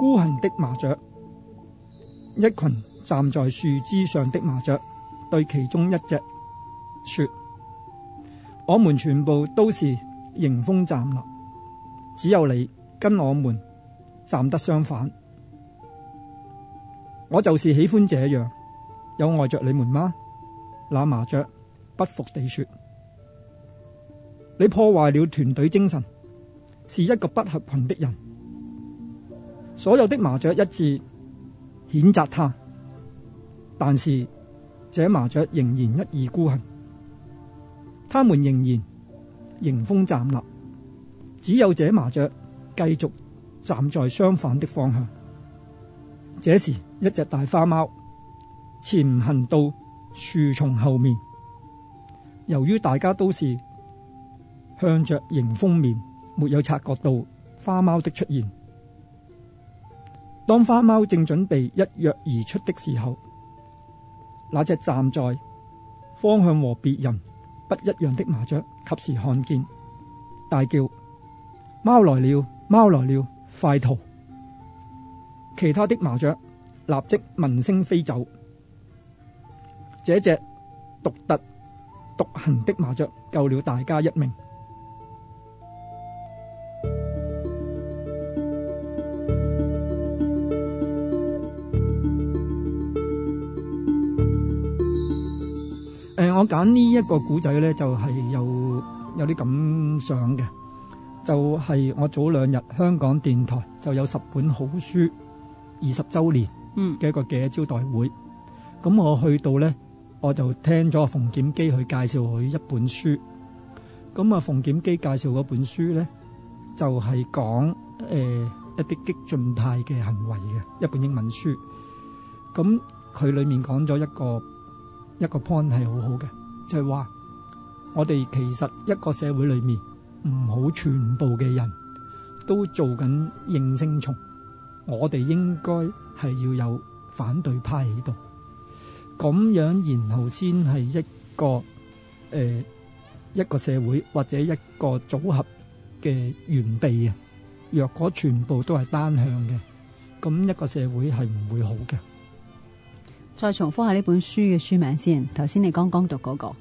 孤行的麻雀，一群站在樹枝上的麻雀，對其中一隻說：我們全部都是迎風站立，只有你跟我們站得相反。我就是喜歡這樣。有礙着你們嗎？那麻雀不服地說：你破壞了團隊精神，是一個不合群的人。所有的麻雀一致譴責他，但是這麻雀仍然一意孤行。他們仍然迎風站立，只有這麻雀繼續站在相反的方向。這時，一隻大花貓前行到樹叢後面。由於大家都是向着迎風面，沒有察覺到花貓的出現。當花貓正準備一躍而出的時候，那隻站在方向和別人不一樣的麻雀及時看見，大叫：貓來了，貓來了，快逃！其他的麻雀立即聞聲飛走。這隻獨特獨行的麻雀救了大家一命。誒、呃，我揀呢一個古仔咧，就係、是、有有啲感想嘅。就係、是、我早兩日香港電台就有十本好書二十周年嘅一個記者招待會，咁、嗯、我去到咧，我就聽咗馮檢基去介紹佢一本書。咁啊，馮檢基介紹嗰本書咧，就係講誒一啲激進派嘅行為嘅一本英文書。咁佢裏面講咗一個。一個 point 係好好嘅，就係話我哋其實一個社會裡面唔好全部嘅人都做緊應聲蟲，我哋應該係要有反對派喺度，咁樣然後先係一個誒，呃，一個社會或者一個組合嘅完備啊。若果全部都係單向嘅，咁一個社會係唔會好嘅。再重複下呢本書嘅書名先，頭先你剛剛讀嗰個。